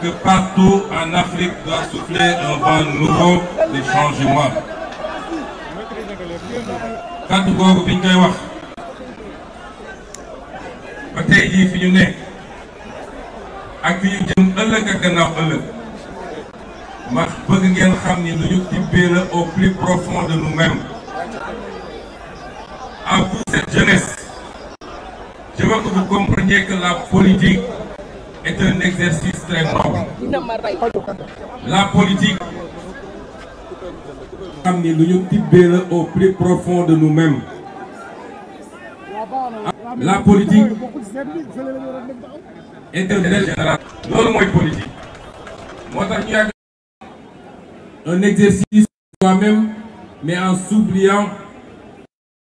que partout en Afrique doit souffler un vent nouveau de changement. plus de nous-mêmes. vous cette jeunesse, je veux que vous compreniez que la politique est un exercice très fort. La politique nous ni au plus profond de nous-mêmes. La politique est un général politique Moi, un exercice soi-même mais en s'oubliant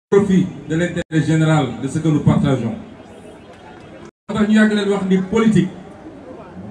profit de l'intérêt général de ce que nous partageons politique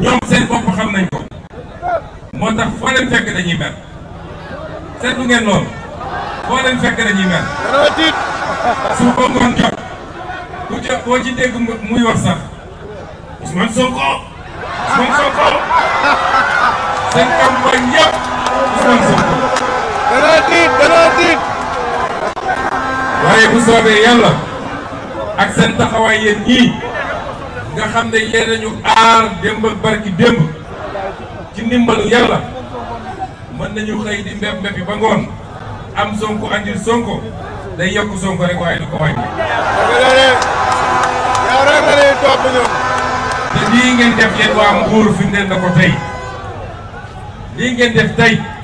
ñoom seen bopp xam nañ ko moo tax foo leen fekk dañuy mer seetlu ngeen loolu foo leen fekk dañuy mer su ko ngoon jot ku ca koo ci dégg muy wax sax Ousmane Sonko Ousmane Sonko seen campagne yëpp Ousmane Sonko danaa tiit danaa tiit waaye bu soobee yàlla ak seen taxawaay yéen ñii nga xam ne yee nañu aar démb barki démb ci ndimbalu yàlla mën nañu xëy di mbéb mbéb yi ba ngoon am sonko andil sonko day yokk sonko rek waaye du ko wàññi. yow rek la ñuy topp ñoom. te lii ngeen def tey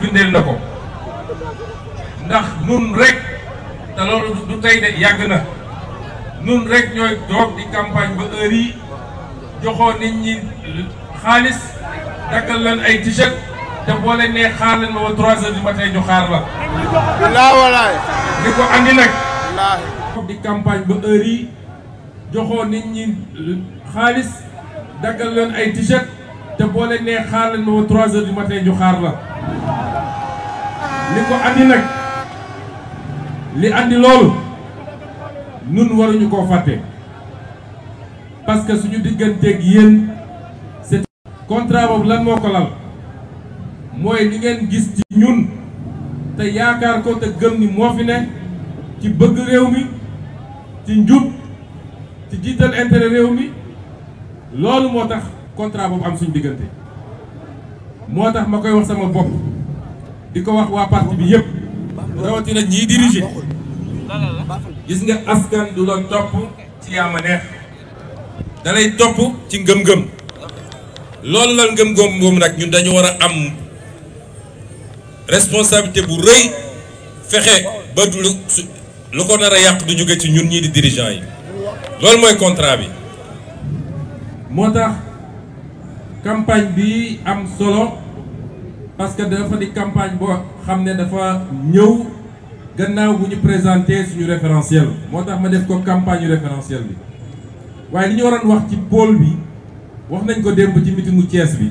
lii na ko ndax nun rek te du tey de yàgg na nun rek ñooy toog di campagne ba heure yi joxoon nit ñi xaalis dakkal leen ay t-shirt te boo leen nee xaar leen ma ba trois heures du xaar la. ko andi nag. wallaahi. di campagne ba heure yi joxoon nit ñi xaalis dakkal leen ay t te boo leen nee xaar leen ma ba trois heures du xaar la. li ko andi nag li andi lool nun waruñu koo fàtte. parce que suñu ak yeen c'est contrat bobu lan moko ko lal mooy li ngeen gis ci ñun té yaakar ko té gëm ni mo fi né ci bëgg réew mi ci njub ci jittal intérêt réew mi loolu motax contrat bobu am suñu digënté motax makoy wax sama bop di wax wa parti bi yépp na ñi diriger gis nga askan du la top ci yama neex dalay topp ci ngëm-ngëm loolu la ngëm ngoom moom nag ñun dañu war a am responsabilité bu rëy fexe ba du lu ko nar a yàq du jóge ci ñun ñii di dirigeant yi loolu mooy contrat bi moo tax campagne bi am solo parce que dafa di campagne boo xam ne dafa ñëw gannaaw bu ñu présenter suñu référentiel moo tax ma def ko campagne référentiel bi waye li waran wax ci pôle bi wax nañ ko demb ci meetingu ties bi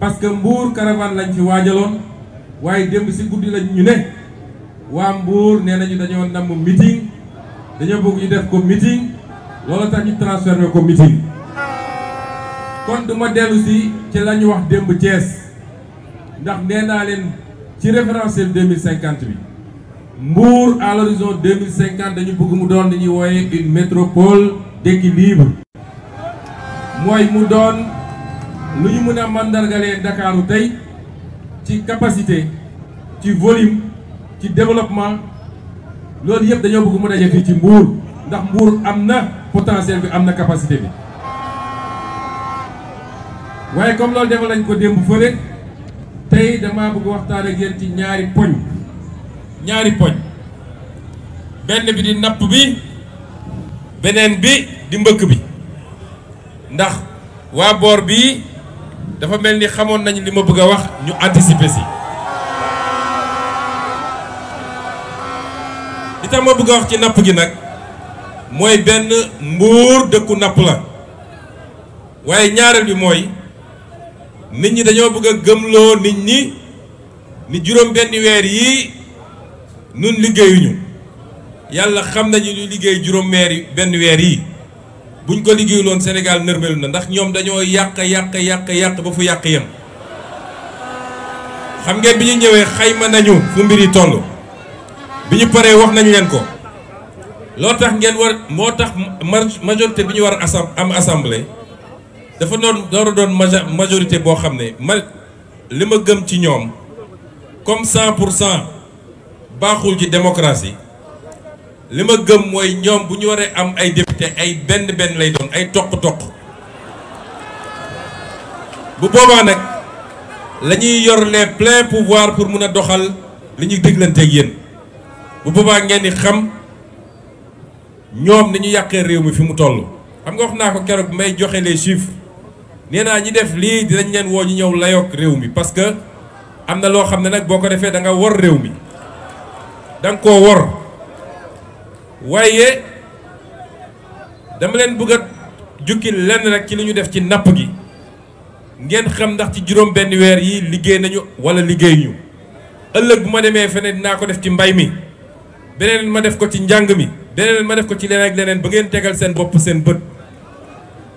parce que Mbour caravane lañ ci wajalon waye demb ci guddi lañ ñu ne wa Mbour nee nañu dañoo namm meeting dañu bëgg ñu def ko meeting loolu tax ñu transformer ko meeting kon duma delu ci ci lañ wax demb ties ndax nee len ci référence 2050 bi Mbour à l'horizon 2050 dañu bëgg mu doon li ñuy wooye une métropole d'équilibre mooy mu doon lu ñu mën a mandargalee Ndakaaru tey ci capacité ci volume ci développement loolu yëpp dañoo bëgg mu daje fii ci Mbour ndax Mbour am na potentiel bi am na capacité bi waaye comme loolu defal nañ ko démb fële tey dama bëgg waxtaan ak yéen ci ñaari poñ ñaari poñ benn bi di napp bi beneen bi di mbëkk bi ndax waa boor bii dafa mel ni xamoon nañu li ma bëgg a wax ñu anticiper si li ma bëgg wax ci napp gi nag mooy benn mbuur dëkku napp la waaye ñaareel bi mooy nit ñi dañoo bëgg a gëmloo nit ñi ni juróom benn weer yi nun liggéeyuñu yàlla xam nañu ñu liggéey juróom weer yi benn weer yi buñ ko liggéeyuloon Sénégal nërmelu na ndax ñoom dañoo yàq yàq yàq yàq ba fu yàq yem xam ngeen bi ñu ñëwee xayma nañu fu mbir yi toll bi ñu paree wax nañu leen ko loo tax ngeen war moo tax majorité bi ñu war a am assemblée dafa doon door a doon majorité boo xam ne ma li ma gëm ci ñoom comme cent pour cent baaxul ci démocratie li ma gëm mooy ñoom bu ñu waree am ay député ay benn benn lay doon ay toq-toq bu boobaa nag la ñuy yor les pleins pouvoirs pour mun a doxal li ñuy diglanteeg yéen bu boobaa ngeen di xam ñoom ni ñu yàqee réew mi fi mu toll. xam nga wax naa ko keroog may joxe les chiffres nee naa ñi def lii dinañ leen woo ñu ñëw layoog réew mi parce que am na loo xam ne nag boo ko defee da nga war réew mi. danga nga koo wor waaye dama leen bëgg a jukki lenn rek ci li ñu def ci napp gi ngeen xam ndax ci juróom benn weer yi liggéey nañu wala liggéey ñu ëllëg bu ma demee feneen dinaa ko def ci mbay mi beneen ma def ko ci njàng mi beneen ma def ko ci leen ak leneen ba ngeen tegal seen bopp seen bët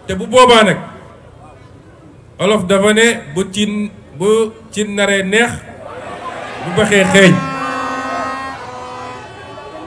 te bu boobaa nag olof dafa ne bu cin bu cin naree neex bu baxee xeeñ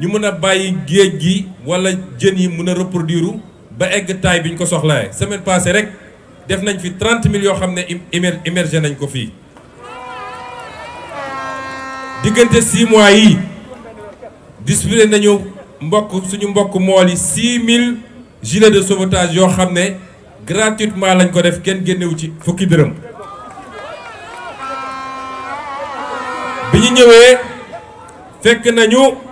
ñu mën a bàyyi géej gi wala jën yi mën a reproduire ba egg taay bi ñu ko soxlaa semaine passée rek def nañ fi 30 000 yoo xam ne émergé nañ ko fii diggante 6 mois yi distribué nañu mbokk suñu mbokk mool yi 6000 gilets de sauvetage yoo xam ne gratuitement lañ ko def kenn génnewu ci fukki dërëm bi ñu ñëwee fekk nañu.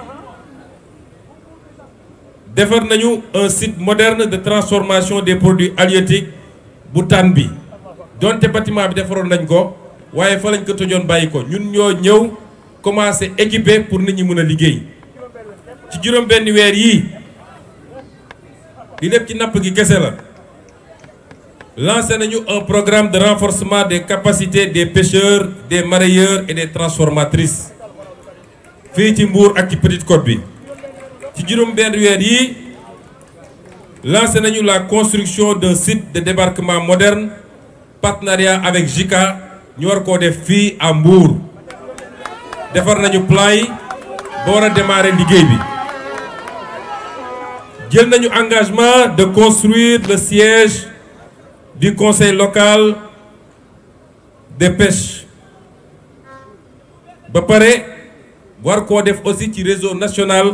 defar un site moderne de transformation des produits halieutiques bu tànn bi donte bâtiment bi defaroon nañ ko waaye fa lañ ko tojoon bàyyi ñun ñoo ñëw commencé équiper pour nit ñi mën a liggéey ci juróom-benn weer yii li lépp ci gi lancé un programme de renforcement des capacités des pêcheurs des maraîchers et des transformatrices fii ci Mbour ak ci Petite Côte bi Jérôme juróom dit la construction d'un site de débarquement moderne partenariat avec JICA nous avons des def fii à Mbour fait nañu plan yi démarrer le bi un engagement de construire le siège du conseil local de pêche Nous avons war koo aussi réseau national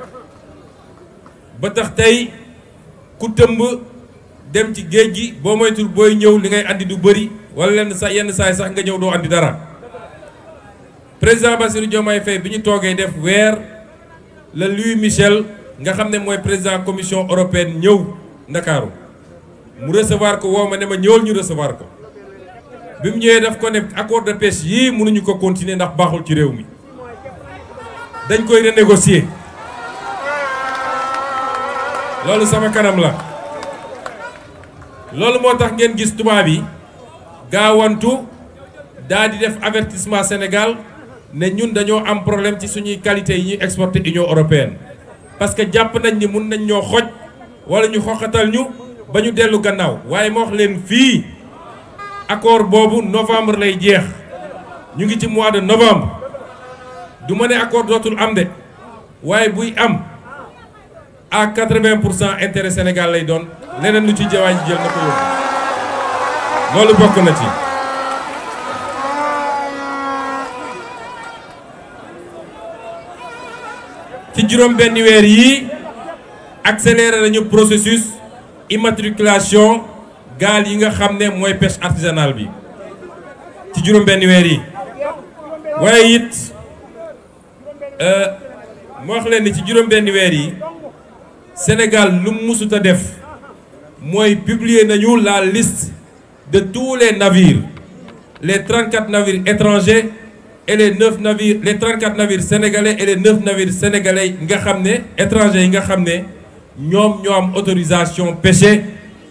ba tax tey ku tëmb dem ci géej gi boo moytul booy ñëw li ngay andi du bëri wala lenn sax yenn saay sax nga ñëw doo andi dara président Bassirou Diomaye Faye bi ñu toogee def weer la Louis Michel nga xam ne mooy président commission européenne ñëw ndakaaru mu recevoir ko woo ma ne ma ñëwal ñu recevoir ko bi mu ñëwee daf ko ne accord de pêche yii mënuñu ko continuer ndax baaxul ci réew mi dañ koy renégocier loolu sama kanam la loolu moo tax ngeen gis tubaab yi gaawantu daa di def avertissement Sénégal ne ñun dañoo am problème ci suñuy qualité yi ñuy exporté Union européenne parce que jàpp nañ ni mun nañ ñoo xoj wala ñu xoqatal ñu ba ñu dellu gannaaw waaye ma wax leen fii accord boobu novembre lay jeex ñu ngi ci mois de novembre du ma ne accord dootul am de waaye buy am à 80 intérêt Sénégal lay doon leneen lu ci jawaa ji jël na ko yóbbu loolu bokk na ci ci juróom benn weer yii accéléré nañu processus immatriculation gaal yi nga xam ne mooy pêche artisanal bi ci juróom benn weer yi waaye it euh, moo wax leen ni ci juróom benn weer yi Sénégal lu musuta def mooy publier nañu la liste de tous les navires les 34 navires étrangers et les 9 navires les 34 navires sénégalais et les 9 navires sénégalais étrangers nous nga xam autorisation pêcher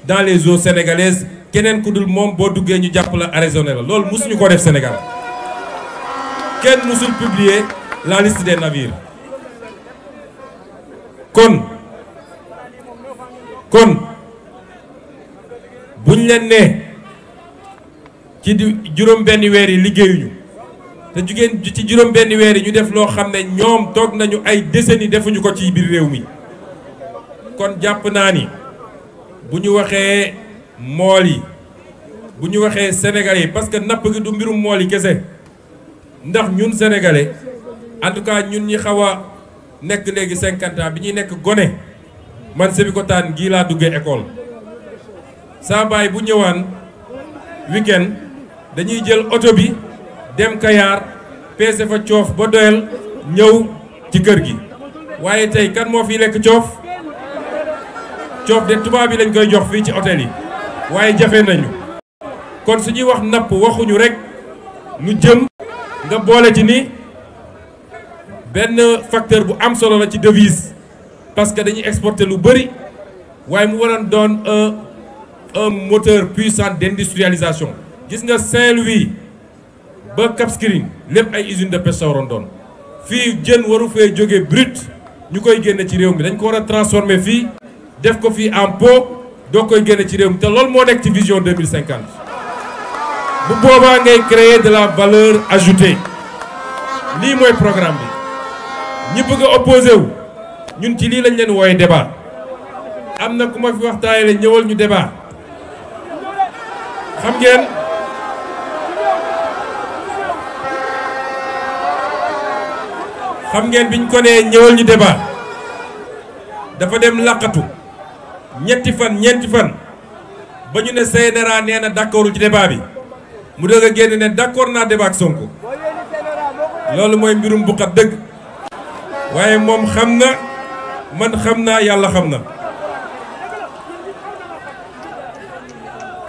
dans les eaux sénégalaises keneen ku dul moom boo duggee ñu jàpp la arraisonné la loolu musuñu ko def Sénégal kenn musul publier la liste des navires kon kon buñ leen nee ci di juróom benn weer yi liggéeyuñu te jugeen ci juróom benn weer yi ñu def loo xam ne ñoom toog nañu ay décennies defuñu ko ci biir réew mi kon jàpp naa ni bu ñu waxee mool yi bu ñu waxee sénégalais yi parce que napp gi du mbirum mool yi kese ndax ñun sénégalais en tout cas ñun ñi xaw a nekk léegi cinquante bi ñuy nekk gone man Sébikotane gila laa ekol école sa bay bu ñëwaan weekend dañuy jël auto bi dem Kayar peese fa ciof ba doyel ñëw ci kër gi waye tay kan mo fi lek ciof ciof de tuba bi lañ koy jox fi ci hôtel yi waye jafé nañu kon suñu wax napp waxuñu rek nu jëm nga bolé ci ni ben facteur bu am solo la ci devise parce que dañuy exporter lu bari waye mu waroon doon un un moteur puissant d'industrialisation gis nga Saint-Louis ba Cap lepp ay usine de pêche waroon doon fi jën waru fe jóge brut ñukoy koy ci réew mi dañ ko wara transformer fi def ko fi en pot do koy génne ci réew mi te lool mo nek ci vision 2050 bu boba ngay créer de la valeur ajoutée Ni moy programme bi ñi bëgg opposé wu ñun ci lii lañ leen wooye débat am na ku ma fi waxtaanee ñëwal ñu débat xam ngeen xam ngeen biñ ko nee ñëwal ñu débat dafa dem làqatu ñetti fan ñeenti fan ba ñu ne CNRA nee na d'accordul ci débat bi mu dëgg a génn ne d'accord naa débat ak Sonko loolu mooy mbirum buqat dëgg waaye moom xam na man xam naa yàlla xam na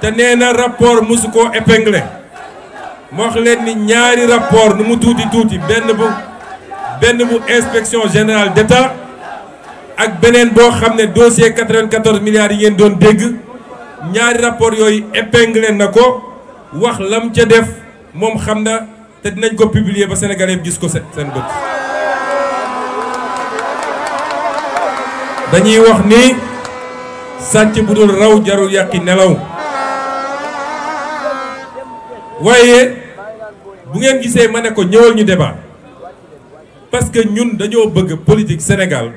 te nee na rapport mosu koo épinglé ma wax leen ni ñaari rapport nu mu tuuti tuuti benn bu benn bu inspection général d'État ak beneen boo xam ne dossier 94 milliards yi ngeen doon dégg ñaari rapport yooyu épinglé na ko wax lam ca def moom xam na te dinañ ko publier ba Sénégalais gis ko seen bët dañuy wax ni sant bu dul raw jarul yàqi nelaw waye bu ngeen gisee mané ko ñewal ñu débat parce que ñun dañoo bëgg politique Sénégal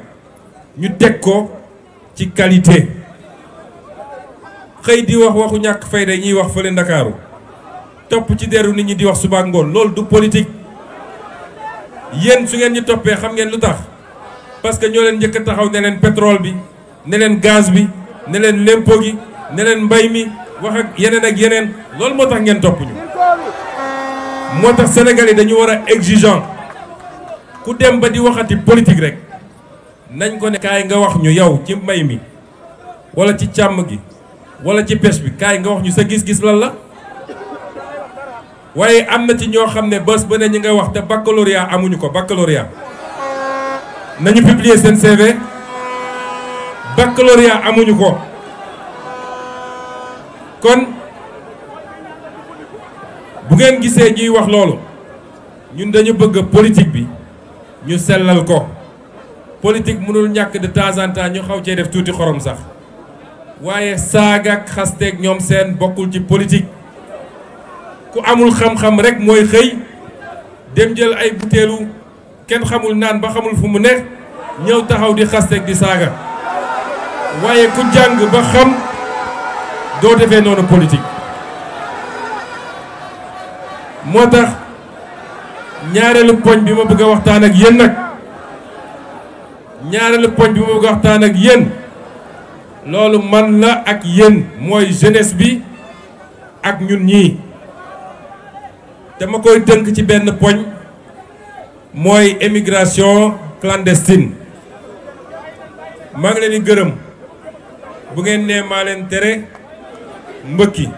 ñu tek ko ci qualité xey di wax waxu ñàkk fayda ñi wax fele dakaru top ci deru nit ñi di wax suba ngol lool du politique yeen su ngeen ñu topé xam ngeen lutax parce que ñoo leen njëkk taxaw ne leen pétrole bi ne leen gaz bi ne leen lempo gi ne leen mbay mi wax ak yeneen ak yeneen loolu moo tax ngeen topp ñu moo tax Sénégal yi dañu war a exigeant ku dem ba di waxati politique rek nañ ko ne kaay nga wax ñu yow ci mbay mi wala ci càmm gi wala ci pêche bi kaay nga wax ñu sa gis-gis lan la waaye am na ci ñoo xam ne bés ba ne ñi nga wax te baccalauréat amuñu ko baccalauréat nañu publier seen CV baccalauréat amuñu ko kon bu ngeen gisee ñuy wax loolu ñun dañu bëgg politique bi ñu sellal ko politique mënul ñàkk de temps en ñu xaw cee def tuuti xorom sax waaye saaga ak xasteeg ñoom seen bokkul ci politik ku amul xam-xam rek mooy xëy dem jël ay butéelu kenn xamul naan ba xamul fu mu ne ñëw taxaw di xasteeg di saaga waaye ku jàng ba xam doo defee noonu politik moo tax ñaareelu poñ bi ma bëgg a waxtaan ak yéen nag ñaareelu poñ bi ma bëgg a waxtaan ak yéen loolu man la ak yéen mooy jeunesse bi ak ñun ñii dama koy tënk ci benn poñ Moy émigration clandestine mag leni leen bu ngeen nee ma len téré mbëkki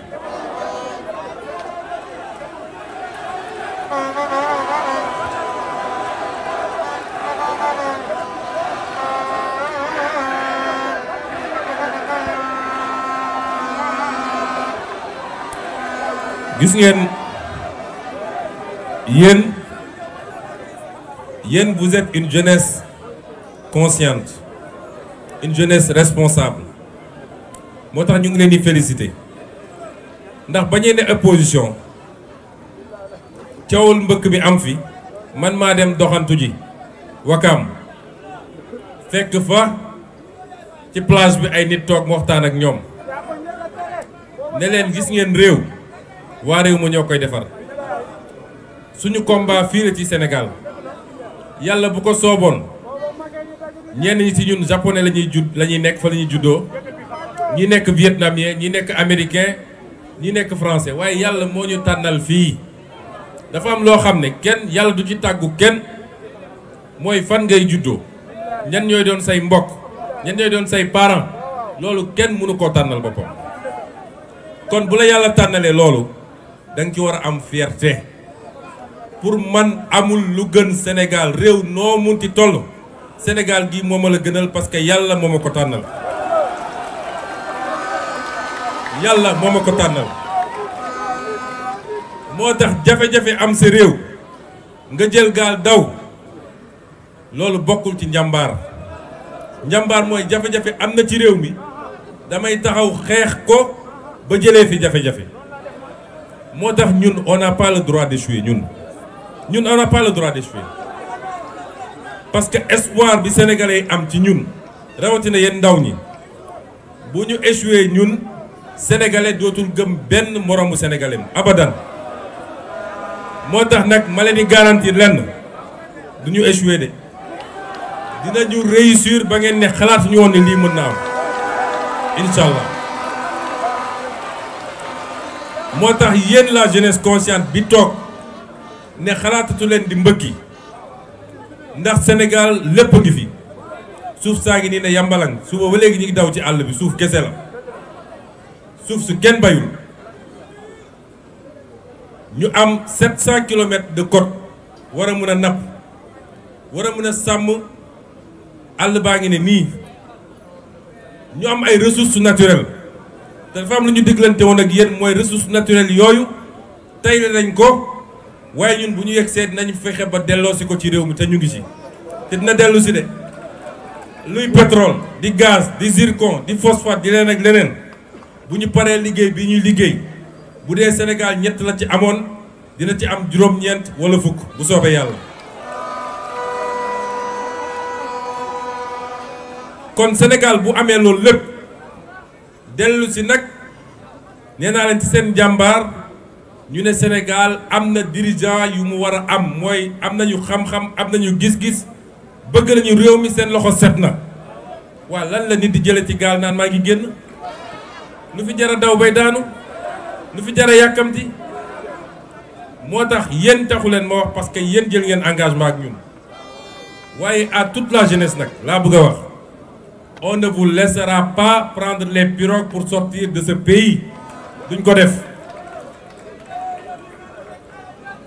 gis ngeen yéen yéen vous êtes une jeunesse consciente une jeunesse responsable moo tax ñu ngi leen di féliciter ndax ba ñuy opposition coowul mbëkk bi am fi man maa dem doxantu ji Wakaam fekk fa ci plage bi ay nit toog mu waxtaan ak ñoom ne leen gis ngeen réew waa réew mu ñoo koy defar suñu combat fii la ci Sénégal yalla bu ko sobon ñen ñi ci ñun japonais lañuy ñuy judd nek ñuy fa lañuy ñuy ñi nek vietnamien ñi nek américain ñi nek français waye yalla moo ñu tànnal fii dafa am lo xamne ken yalla du ci taggu ken moy fan ngay judo, ñan ñoy doon say mbokk ñan ñoy doon say parents lolu ken mënu ko tanal bopam kon bu la yalla tànnalee lolu dang ci wara am fierté pour man amul lu gën Sénégal réew noo munti tollu Sénégal gi moma la gënal parce que yalla moma ko tanal yalla moma ko tanal motax jafé jafé am ci réew nga jël gal daw loolu bokul ci njambar njambar moy jafé jafé am na ci réew mi damay taxaw xex ko ba jëlé fi jafé jafé motax ñun on n'a pas le droit d'échouer ñun Nous n'avons pas le droit d'échouer parce que l'espoir du sénégalais est am nous. ñun na yéen nous. ñi sénégalais dootul gëm sénégalais abadan Je vous garantis garantir Nous du ñu échoué réussir ba ngeen ne la jeunesse consciente ne xalaatatu leen di mbëggi ndax Sénégal lépp ngi fi suuf saa ngi nii ne yambalang suba ba léegi ñu ngi daw ci àll bi suuf kese la suuf su kenn bayul ñu am 700 kilomètres de côte war a mën a napp war a mën a sàmm àll baa ngi ne nii ñu am ay ressources naturel te dafa am lu ñu diglante woon ak yéen mooy ressources naturelles yooyu tey lañ ko. waaye ñun bu ñu yegg seet nañu fexe ba delloosi ko ci réew mi te ñu ngi ci te dina dellu si de luy pétrole di gaz di zircon di phosphate di leen ak leneen bu ñu paree liggéey bi ñuy liggéey bu dee Sénégal ñett la ci amoon dina ci am juróom-ñeent wala fukk bu soobee yàlla. kon Sénégal bu amee loolu lépp dellu si nag nee naa leen ci seen jàmbaar. ñu ne Sénégal amna dirigeant yu mu wara am moy des ñu xam-xam amna ñu gis-gis bëgg nañu réew mi seen loxo set wa lan la nit di Nous ci naan ma ngi genn nu fi jara daw bay daanu fi jara parce que ngeen engagement ak ñun à toute la jeunesse nak la bëgg on ne vous laissera pas prendre les pirogues pour sortir de ce pays duñ ko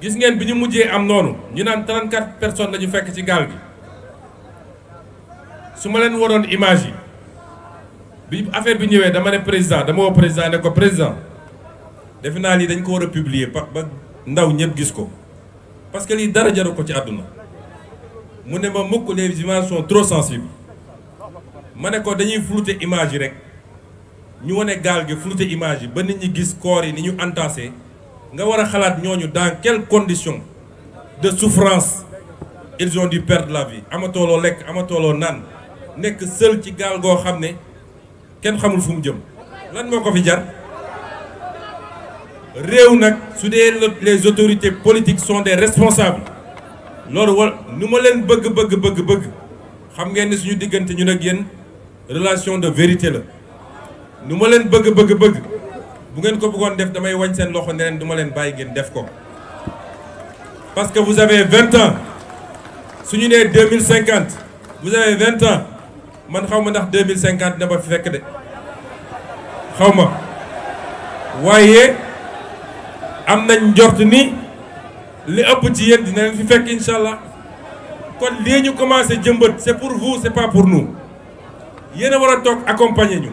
gis ngeen bi ñu mujjee am noonu ñu naan 34 personnes la ñu fekk ci gaal gi su ma leen waroon image yi bi affaire bi ñëwee dama ne président dama woo président ne ko président defe naa lii dañ ko war a publier ba ndaw ñëpp gis ko parce que lii dara jaru ko ci àdduna mu ne ma mukk les images sont trop sensibles ma ne ko dañuy flouter image yi rek ñu wane gaal gi flouter image yi ba nit ñi gis corps yi ni ñu entassé. nga avons dans quelles conditions de souffrance ils ont dû perdre la vie lek, amato amatooloo n'est que seul ci gaal goo xam ne kenn xamul fu jëm lan moko fi les autorités politiques sont des responsables loolu war nous ma bug bug bug bug. bëgg xam ngeen ni suñu ñun ak relation de vérité la nu ma bug bëgg bëgg vous ngeen ko bëggoon def damay wagn sen loxo ne duma len baye ngeen def ko parce que vous avez 20 ans vous né 2050, vous avez 20 ans man xawma ndax 2050 mille Vous fi fekk de xawma wayé nous am nañ ni li ëpp ci 20 fi kon c'est pour vous c'est pas pour nous yéen wara tok accompagner ñu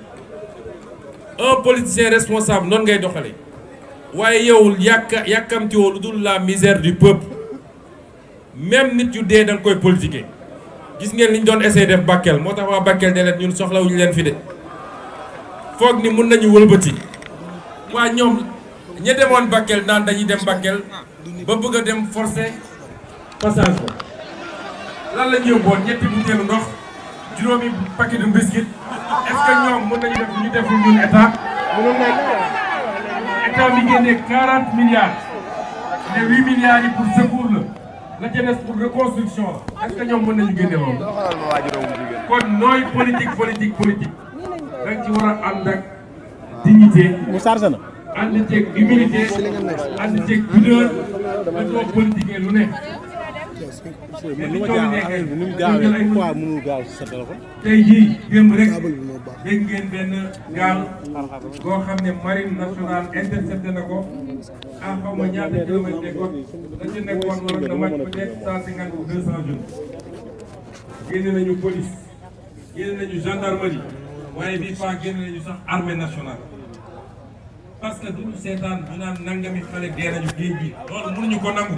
un politicien responsable non ngay doxale waye yow yak yakamti lu dul la misère du peuple même nit yu dé da nga koy politiquer gis ngeen li ñu doon essayé def Bakel motax wa Bakel délet leen ñun soxlawuñu leen fi dé fogg ni mën nañu wëlbeuti wa ñom ña démon Bakel naan dañuy dem Bakel ba bëgg dem forcé passage ko lan la ñëw boon ñetti butéelu ndox juróomi paquet de biscuit est-ce que ñoom mën nañu def ñu deful ñun état mënul nekk état bi génnee 40 milliards ne 8 milliards yi pour secours la la jeunesse pour reconstruction la est que ñoom mën nañu génne loolu kon nooy politique politique politique dañ ci war a ànd ak dignité mu sarse na ànd ceeg humilité ànd ceeg pudeur da doo politiquer lu ne parce que ma jaaxal affaire ni mu gaawee pourquoi mënul gaaw si sa téléphone. tey jii démb rek dégg ngeen benn gaal boo xam ne marine nationale intercepté na ko ah xaw ma ñaata kilomètre de côte nañu police génne nañu gendarmerie waaye que du ñu ko nangu.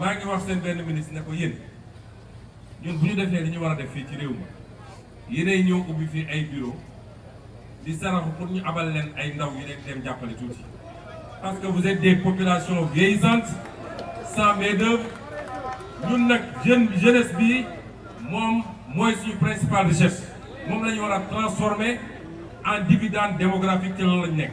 maa ngi wax seen benn ministre ne ko yéen ñun bu ñu defee li ñu war a def fii ci réew mi yéenay ñëw ubbi fii ay bureau di saraxu pour ñu abal leen ay ndaw yi leen dem jàppale tuuti parce que vous êtes des populations vieillissantes sans main-d'œuvre ñun nag jeune jeunesse bi moom mooy suñu principale richesse moom la ñu war a transformer en dividende démographique ci loolu la nekk.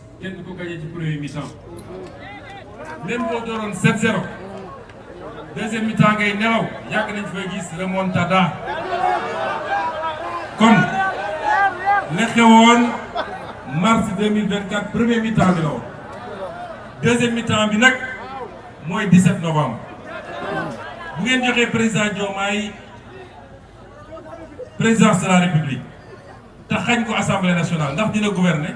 premier mi-temps même 7-0 deuxième mi-temps ngay remontada mars 2024 premier mi-temps deuxième mi-temps bi là, 17 novembre bu ngeen le président Diomaye président de la république Nous avons assemblée nationale ndax le gouvernement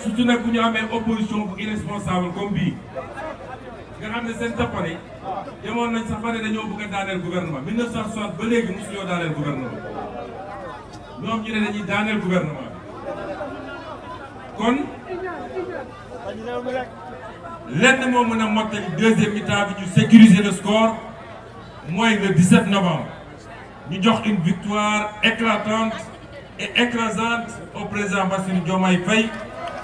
surtout tu nous avons une opposition irresponsable comme bii nga xam ne seen tappale nañ sax ba ne bëgg le gouvernement 1960 ba léegi mosu ñoo le gouvernement Nous ñu ne dañuy le gouvernement Donc, kon lenn moo mën a deuxième mi-temps bi sécuriser le score Moi, le 17 novembre ñu jox une victoire éclatante et écrasante au président Bassirou Diomaye Faye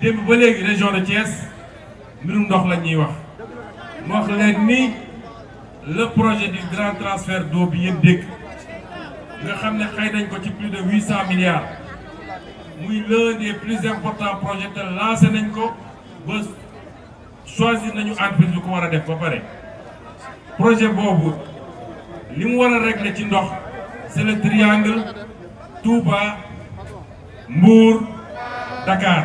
démb ba léegi région de Thiès nous ndox la ñuy wax ni le projet du grand transfert d'eau bi yéen que nga xam ne nañ plus de 800 milliards C'est l'un des plus importants projets de lancé nañ ko ba choisir nañu entreprise de ko war def ba projet Bobo, ce mu régler c'est le triangle Touba mour Dakar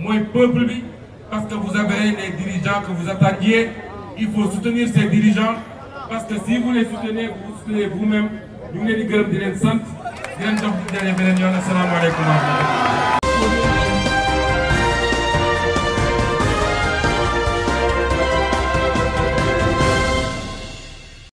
Moins peuple parce que vous avez les dirigeants que vous attaquiez il faut soutenir ces dirigeants parce que si vous les soutenez vous soutenez vous-même Nous, sommes les di de di leen sant